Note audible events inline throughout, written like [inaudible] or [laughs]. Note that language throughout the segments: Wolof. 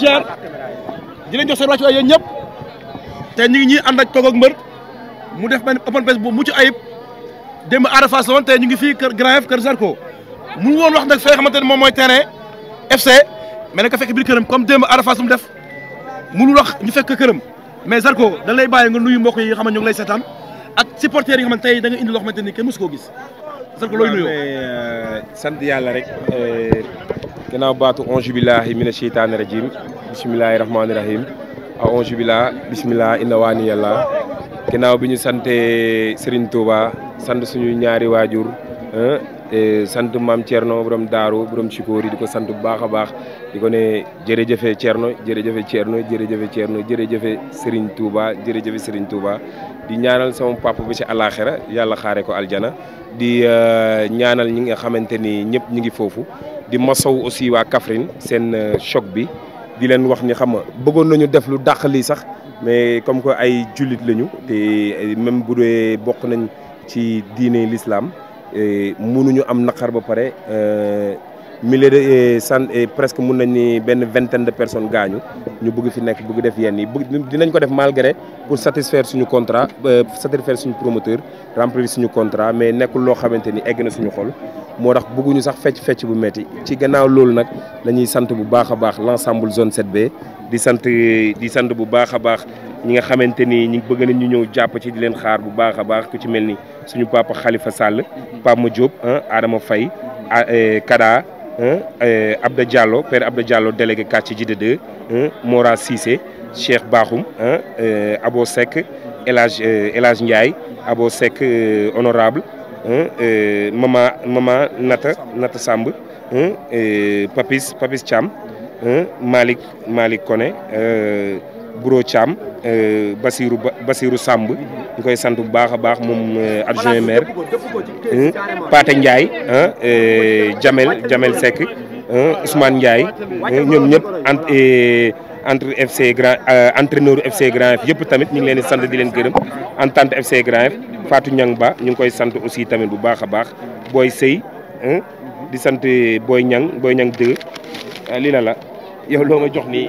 ziar di leen jox seen wàccu ay yéen ñëpp te ñu ngi ñuy ànd ak toog ak mbër mu def benn open press bu mucc ayib démb Arafas la te ñu ngi fii kër Grand F kër Zarko mu woon wax nag fee xamante ne moom mooy terrain FC mais ne ka fekk biir këram comme démb Arafas lu mu def mu mënul lax ñu fekk këram mais Zarko da lay bàyyi nga nuyu mbokk yi nga xam ne ñu ngi lay seetaan ak supporters yi nga xam ne tey da indi loo xamante ni kenn mosu koo gis. Zarko looy nuyoo euh, sant yàlla rek. Euh, ginnaaw baatu onge billahi mina sheytaani rajim bisimilahi rahmaani rahim aonge bila bisimilah inna waani yàlla ginnaaw bi ñu santee Serigne Touba sant suñu ñaari waajur eh, sant maam Thierno borom daaru borom Sikóor yi di ko sant bu baax a baax di ko ne jërëjëfe Thierno jërëjëfe Thierno jërëjëfe Thierno jërëjëfe Serigne Touba jërëjëfe Serigne Touba di ñaanal sama papa bi ci àllaaxira yàlla xaare ko aljana di eh, ñaanal ñi nga xamante ni ñëpp ñu ngi foofu di masaw aussi waa kafrin seen eh, choc bi di leen wax ni xam nga bëggoon nañu def lu dàq lii sax mais comme que ay jullit lañu te même bu dee bokk nañ ci diine l'islam mënuñu am naqar ba pare euh, milliers de euh, cent euh, presque mun nañ ni benn vingtaine de personnes gaañu ñu bugg fi nekk bugg def yenn yi bëgg dinañ ko def malgré pour satisfaire suñu contrat euh, satisfaire suñu promoteur remplir suñu contrat mais nekkul loo xamante ni egg na suñu xol moo tax bëgguñu sax fecc fecc bu metti ci gannaaw loolu nag lañuy ñuy sant bu baax a baax l' ensemble zone 7 di sant di sant bu baax a baax ñi nga xamante ni ñi bëgg nañ ñu ñëw jàpp ci di leen xaar bu baax a baax ku ci mel ni suñu papa Khalifa Sall Papa Diop Adama Faye euh, Kada euh, Abda Diallo père Abda Diallo délégué quartier Djidda 2 Mora Cissé Cheikh baaxum euh, Abo Seck euh, El Hadj Ndiaye Abo Seck euh, honorable mama mama Nata Nata Samb Papis Papis Thiam Malick Malick kone Buro Thiam Basirou Basirou Samb ñu koy sant bu baax a baax moom adjoint maire Pate Ndiaye Jamel Jamel Seck Ousmane Ndiaye ñoom ñëpp entre FC Grand euh, entreneur FC Grand F yëpp tamit ñu ngi leen di sant di leen gërëm entente FC Grand F Fatou Niang Ba ñu ngi koy sant aussi tamit bu baax a baax booy Sey di sant Boy Niang Boy Niang 2 ah, lii la la yow loo jox ni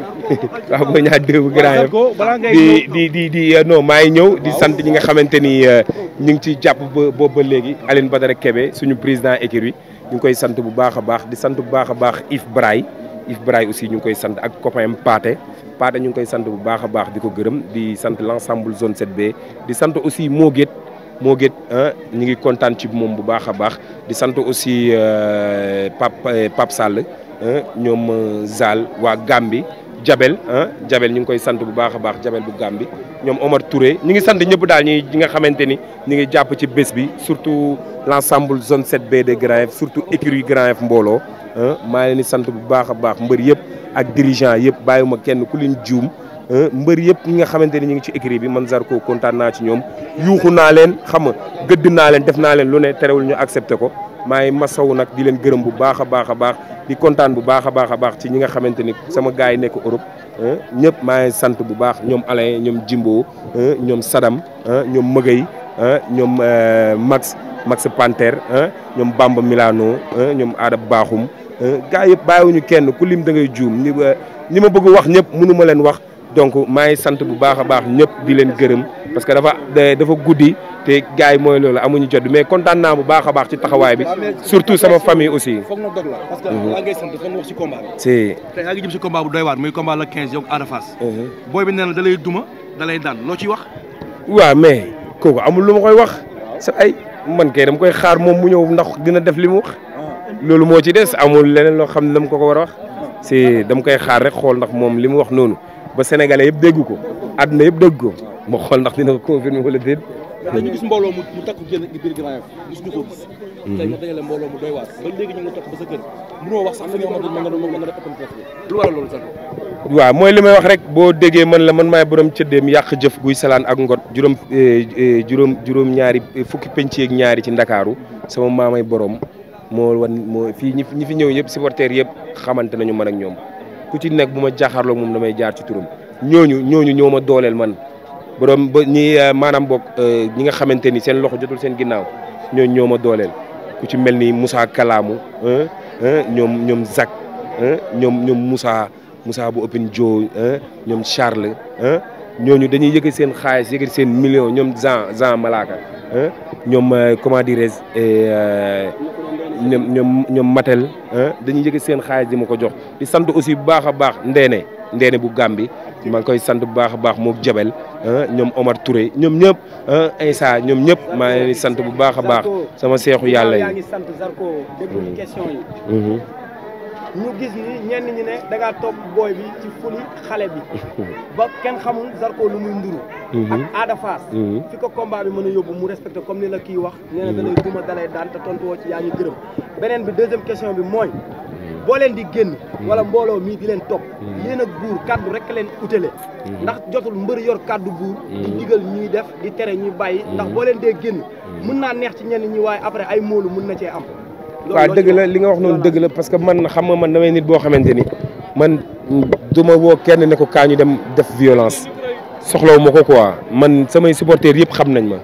[laughs] waaw Boy Niang bu Grand F di di di di euh, non ngi ñëw di sant ñi nga xamante ni euh, ñu ngi ciy jàpp ba boobu ba léegi Aline Badara Kébé suñu président écurie ñu ngi koy sant bu baax a baax di sant bu baax a baax Yves Braille Yves Braille aussi ñu ngi koy sant ak copain am Paate Paate ñu ngi koy sant bu baax a baax di ko gërëm di sant l' ensemble zone 7B di sant aussi Moget Moget ñu ngi kontaan ci moom bu baax a baax di sant aussi euh, Pape euh, Pape Sall ñoom euh, Zal waa Gambi Jabel ah Jabel ñu ngi koy sant bu baax a baax Jabel bu Gàmbi ñoom Omar Touré ñu ngi sant ñëpp daal ñi nga xamante ni ñu ngi jàpp ci bés bi surtout l' ensemble zone 7B Grand Yoff surtout écurie Grand Yoff mbooloo maa leen sant bu baax a baax mbër yëpp ak dirigeant yëpp bàyyiwuma kenn ku leen juum mbër yëpp ñi nga xamante ni ñu ngi ci écurie bi man ko kontaan naa ci ñoom yuuxu naa leen xam nga gëdd naa leen def naa leen lu ne terewul ñu accepté ko maa ngi masawu nag di leen gërëm bu baax a baax a baax di kontaan bu baax a baax baax ci ñi nga xamante ni sama gars yi nekk Europe ñëpp maa ngi sant bu baax ñoom Alain ñoom Jimbo ñoom Sadam ñoom Mëgëy ñoom euh, Max Max Panther ñoom Bamba Milano ñoom Aada Baaxum gars yëpp bàyyiwuñu kenn ku lim da ngay juum ni euh, ni ma bëgg wax ñëpp mënu ma leen wax donc maa ngi sant bu baax a baax ñëpp di leen gërëm parce que dafa dafa guddi. te gars yi mooy loolu amuñu jot mais kontaan naa baax a baax ci taxawaay bi surtout sama famille aussi. foog na dog la parce que yaa mhm. ngay sant foog nga wax si combat bi. si tey yaa doy waar muy combat la 15 mhm. da lay duma da daan loo ciy wax. waa mais kooku amul lu ma koy wax. sa ay man kay koy xaar moom mu ñëw ndax dina def li mu ah. loolu moo ci des amul leneen loo xam ne dama ko ko war a ah. si dama koy xaar rek xool ndax moom li mu wax noonu ba sénégalais yëpp dégg ko àdduna yëpp dégg ko ah. ma xool ndax dina ko confirmer wala déet. dañu gis mbooloo mu takku génn biir mhm. mbooloo mu doy waar léegi ñu nga topp lu mooy li may wax rek boo déggee man la man maay boroom cëddeem yàq jëf guy salaan ak ngot juróom eh, eh, juróom juróom ñaari eh, fukki penc ñaari ci ndakaaru sama maamay boroom moo wan moo fii ñi fi ñëw yëpp supporters yëpp xamante nañu man ak ñoom ku ci nekk bu ma jaaxaarloo moom damay jaar ci turam ñooñu ñooñu ñoo dooleel man borom ba ñi eh, maanaam boog eh, ñi nga xamante ni seen loxo jotul seen ginnaaw ñoo ñoo ma dooleel ku ci mel ni Moussa kalaamu eh, ñoom ñoom Zak ñoom ñoom Moussa Moussa bu ëppin Joe ñoom Charles ñooñu dañuy yëkkati seen xaalis yëkkati seen million ñoom Jean Jean Malaka ñoom comment dirais-je ñoom ñoom ñoom Matel dañuy yëkkati seen xaalis di ko jox di sant aussi bu baax a baax Ndene. ndeene bu Gàmbi maa ngi koy sant bu baax a baax moom Jabel ah, ñoom Omar Touré ñoom ñëpp Insa ah, ñoom ñëpp maa ngi sant bu baax a baax sama seexu yàlla yi. Mm-hmm. Mm-hmm. ñu gis ni ñenn ñi ne da ngaa topp booy bi ci fuli xale bi [laughs] ba kenn xamul Zarko lu muy nduru mm-hmm. ak fi ko combat bi mën a yóbbu mu respecté comme ni la kii wax nee na duma dalay daan te tontu woo yaa ñu gërëm beneen bi deuxième question bi mooy boo leen di génn hmm. wala mbooloo mii di leen topp hmm. yéen ak buur kaddu rek leen utale hmm. ndax jotul mbër yor kàddu buur di digal ñuy def di tere ñuy bàyyi ndax boo leen dee génn mun naa neex ci ñenn ñi waaye après ay moolu mun na cee am waa dëgg la li nga wax noonu dëgg la parce que man xam nga man damay nit boo xamante ni man du ma kenn ne ko kaa ñu dem def violence soxlawu ma ko quoi man samay supporters yëpp xam nañ ma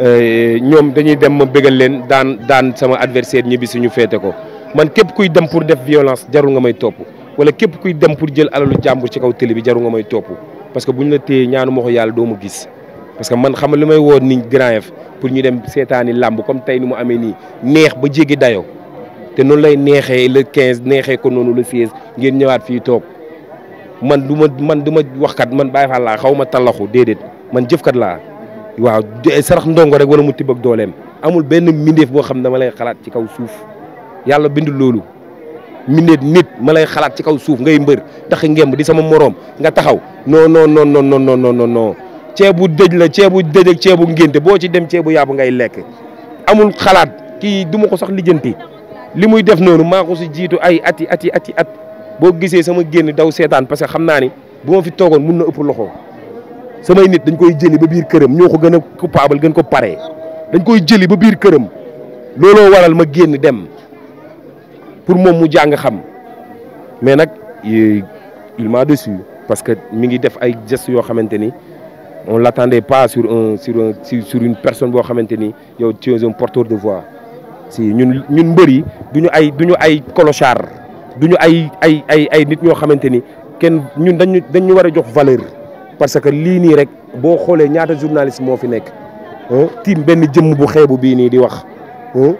euh, ñoom dañuy dem ma bégal leen daan daan sama adversaire ñibbi suñu féete ko man képp kuy dem pour def violence jarul nga may topp wala képp kuy dem pour jël alalu jàmbur ci kaw télé bi jarul nga may topp parce que bu ñu la téyee ñaanu ma ko yàlla doo ma gis. parce que man xam li may woon ni Grand Yoff pour ñu dem seetaani làmb comme tey ni mu amee nii neex ba jéggi dayoo te noonu lay neexee le quinze neexee ko noonu le 16 ngeen ñëwaat fii toog man du ma man du ma waxkat man bàyyi faa laa xaw ma tallaxu déedéet man jëf kat laa waaw sarax ndongo rek wala mu tibb ak dooleem amul benn mbindeef boo xam ne dama lay xalaat ci kaw suuf. yàlla bindu loolu minute nit ma lay xalaat ci kaw suuf ngay mbër tax ngemb di sama moroom nga taxaw no non non non non non non non ceebu dëj la ceebu dëj ceebu ngénte boo ci dem ceebu yàpp ngay lekk amul xalaat kii du ma ko sax lijjanti li muy def noonu maa ko si jiitu ay ati ati ati at boo gisee sama génn daw seetaan parce que xam naa ni bu ma fi toogoon mun na ëpp loxo samay nit dañ koy jëli ba biir këram ñoo ko gën a coupable gën ko pare dañ koy jëli ba biir këram looloo waral ma génn dem pour moom mu jàng xam mais nag il m'a déçu parce que mi ngi def ay gestes yoo xamante ni on l'attendait pas sur un sur un sur une personne boo xamante ni yow tu es un porteur de voix si ñun ñun mbër yi du ñu ay du ay clochard du ñu ay ay ay ay nit ñoo xamante ni kenn ñun dañu dañu war a jox valeur parce que lii nii rek boo xoolee ñaata journaliste moo fi nekk tiim benn jëmm bu xeebu bii nii di wax bu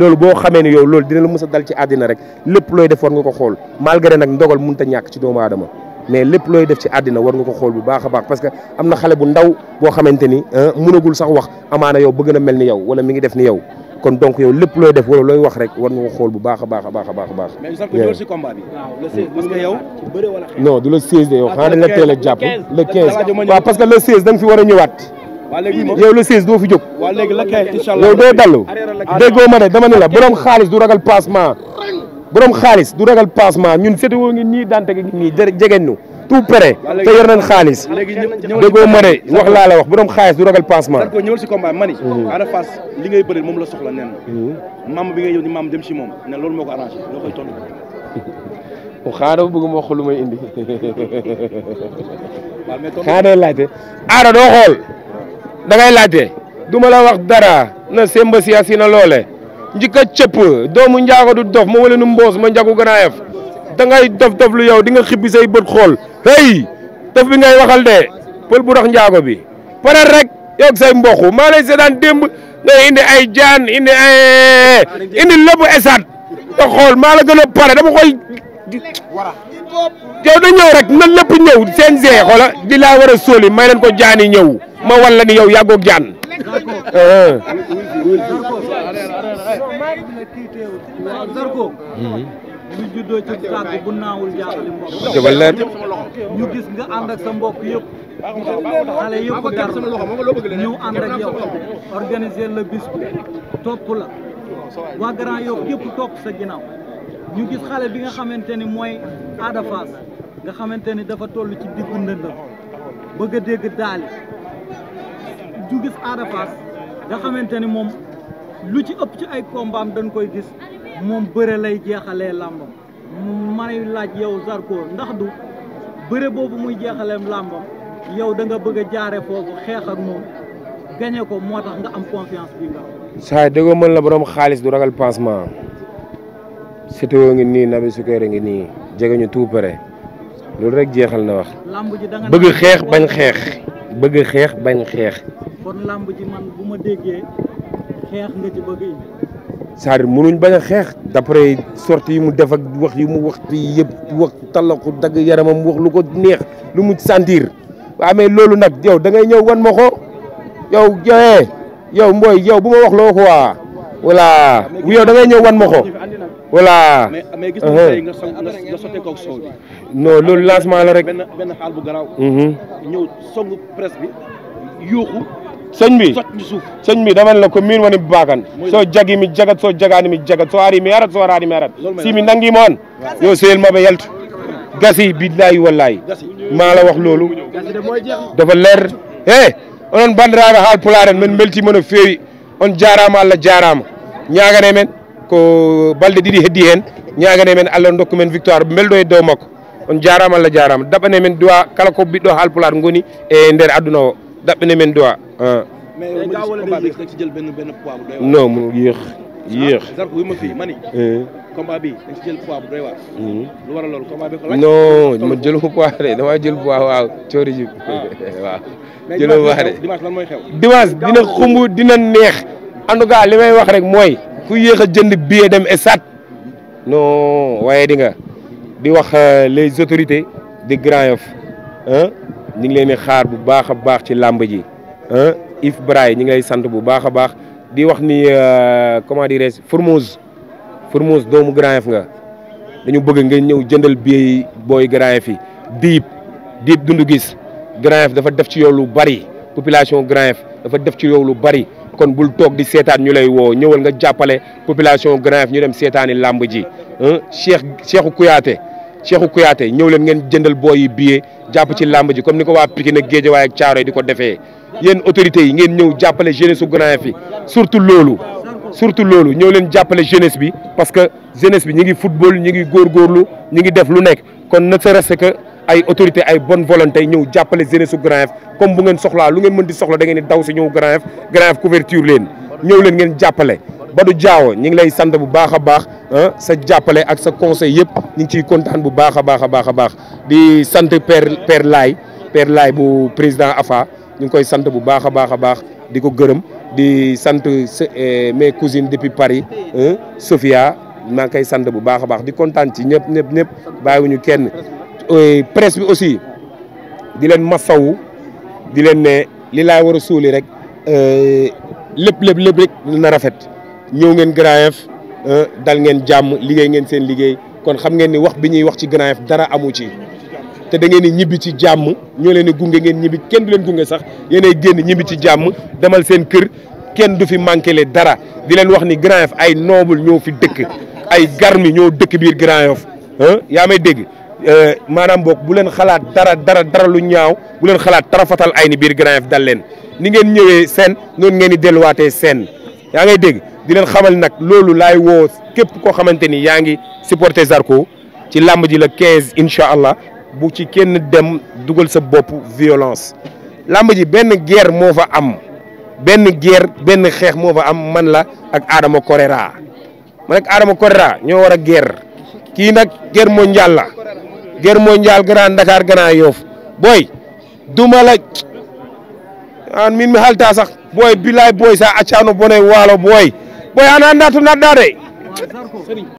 loolu boo xamee ne yow loolu dina la mës a dal ci àddina rek lépp looy def war nga ko xool malgré nag ndogal mënut a ñàkk ci doomu aadama mais lépp looy def ci àddina war nga ko xool bu baax a baax parce que a na xale bu ndaw boo a ni mënagul sax wax amaana yow bëgg na mel ni yow wala mi ngi def ni yow kon donc yow lépp looy def wala looy wax rek war nga baax a baax a baax a baax a baax. a jàpp a ñëwaat. yow le 16 doo fi jóg. waaw léegi la kay incha allah yow doo dallu. déggoo ma ne dama ne la borom xaalis du ragal passement. borom xaalis du ragal ngi nii dante gi nii jegeñ ñu tout prêt te yor nañ xaalis déggoo ma ne wax laa la wax borom xaalis du ragal passement ko ñëwal si combat mani mm-hmm. Ada Fass li ngay bëri moom la soxla nen maam mm-hmm. bi ngay si moom ne loolu moo ko arrangé loo koy tontu ko [laughs] xaaral bëgg ma [laughs] Ada doo xool da ngay laajte du ma la wax dara na semba si na loole njëkk a cëpp doomu njaago du dof ma wala nu mboos ma njagu gën a ef da ngay dof dof lu yow dinga nga say bët xool hey dof bi ngay waxal de pël bu rax njaago bi pare rek yow say mboq maa la seetaan démb ngay indi ay jaan indi ay indi esat te xool maa la gën a pare dama koy yow da ñëw rek na lépp ñëw seen see xoola di laa war a sóoli may leen ko jaani ñëw ma wan la ni yow yàggoog jaan. ñu juddoo ci tàgg bu naawul jaaxali mbokk. dafa leer ñu gis nga ànd ak sa mbokk yëpp. xale yëpp gar ñëw ànd ak yow organiser le bis topp la waa Grand yëpp topp sa ginnaaw ñu gis xale bi nga xamante ni mooy Ada nga xamante ni dafa toll ci diggu ndëndëm bëgg a dégg daali du gis Ada Fass nga xamante ni moom lu ci ëpp ci ay combat am dañ koy gis moom bëre lay jeexalee làmbam may laaj yow Zarko ndax du bëre boobu muy jeexaleem làmbam yow da nga bëgg a jaare foofu xeex ak moom gañe ko moo tax nga am confiance bi nga saa yi mën la borom xaalis du ragal pansement sétéo ngi nii nabi sukkër ngi nii jege ñu tout près loolu rek jeexal na wax bëgg xeex bañ xeex bëgg xeex bañ xeex kon làmb ma déggee xeex bañ a xeex d'après sorti yi mu def ak wax yi mu wax yëpp wax talaku dagg yaramam wax lu ko neex lu mu santir waaw mais loolu nag yow da ngay ñëw wan ma ko yow joxe eh, yow mbooy yow bu ma wax loo ko waa yow da ngay ñëw wan ma ko voilà. mais mais gis nga uh-huh. tey nga nga sottee koog soow loolu lancement la rek. benn benn xaal bu sëñ bi sëñ bi dama la ko min woni bakan so jagi mi jagat so jagani mi jagat so ari mi arat si mi nangi moon yo seel maɓe yaltu gasi billahi wallahi maa la wax loolu dafa leer e onon bandiraɓe haal pularen min beltima no feewi on jarama allah jarama ñagane men ko balɗe ɗiɗi heddi hen ñagane men allah dokku men victoire belɗo e dow makko on jarama allah jarama daɓane men duwa kala ko ɓiɗɗo haal pular goni e nder aduna o daɓɓine men duwa ah. mais ci jël benn benn poids bu doy waar. mu yéex ah, yéex. ma fii ma ni. Eh. combat bi jël poids bu doy hmm. loolu combat bi ko laaj. non ma jël ko poids de damaa jël poids waaw coori ji. Ah. [laughs] waaw jël ko poids de dimanche dina xumb dina neex. en tout cas li may wax rek mooy. ku yéex a jënd billet dem esat non waaye di nga di wax euh, les autorités de Grand Yoff ah. ñu ngi leen di xaar bu baax a baax ci làmb ji ah Yves Braye ñu sant bu baax a baax di wax ni euh, comment dirais-je Formose Formose doomu Grand Yoff nga dañu bëgg nga ñëw jëndal bi booy Grand Yoff yi diib diib dundu gis Grand Yoff dafa def ci yow lu bari population Grand Yoff dafa def ci yow lu bari kon bul toog di seetaan ñu lay woo ñëwal nga jàppale population Grand Yoff ñu dem seetaani làmb ji Cheikh Cheikhou Kouyaté Cheikhou Kouyaté ñëw leen ngeen jëndal booy yi jàpp ci làmb ji comme ni ko waa Pikine ak Guédiawaye ak Thiaroye di ko defee yéen autorités yi ngeen ñëw jàppale jeunesse su Grand Yoff yi loolu surtout loolu ñëw leen jàppale jeunesse bi parce que jeunesse bi ñi ngi football ñi ngi lu ñi ngi def lu nekk kon ne serait-ce que ay autorité ay bonne volonté ñëw jàppale jeunesse su Grand comme bu ngeen soxlaa lu ngeen mën di soxla da ngeen di daw si ñëw Grand Yoff Grand couverture leen ñëw leen ngeen jàppale ba du Diawo ñi ngi lay sant bu baax a baax sa jàppale ak sa conseil yëpp ñu ngi ciy kontaan bu baax a baax a baax a baax di sant père père Laay père bu président AFA ñu ngi koy sant bu baax a baax a baax di ko gërëm di sant eh, mes cousines depuis Paris Sophia maa ngi koy sant bu baax a baax di kontaan ci ñëpp ñëpp ñëpp bàyyiwuñu kenn eh, presse bi aussi di leen masawu di leen ne li laay war a suuli rek eh, lépp lépp lépp rek na rafet ñëw ngeen Grand Yoff euh, dal ngeen jàmm liggéey ngeen seen liggéey kon xam ngeen ni wax bi ñuy wax ci Grand Yoff dara amu ci te da ngeen di ñibbi ci jàmm ñoo leen di gunge ngeen ñibbi kenn du leen gunge sax yéenay génn ñibbi ci jàmm demal seen kër kenn du fi manqué le dara di leen wax ni Grand ay noble ñoo fi dëkk ay garmi ñoo dëkk biir Grand Yoff yaa may dégg euh, maanaam boog bu leen xalaat dara dara dara lu ñaaw bu leen xalaat tarafatal ay ni biir Grand dal leen ni ngeen ñëwee seen noonu ngeen di delluwaatee seen yaa ngay dégg di leen xamal nag loolu lay woo képp koo xamante ni yaa ngi supporter Zarko ci làmb ji la 15 incha allah bu ci kenn dem dugal sa bopp violence. làmb ji benn guerre moo fa am benn guerre benn xeex moo fa am man la ak Adama Correra man ak Adama Correra ñoo war a guerre kii nag guerre mondiale la guerre mondiale Grand ndakaar Grand Yoff booy duma la. an min mi halta sah boy bilay boy sa accano bone waalo boy boy an annda to naɗɗa de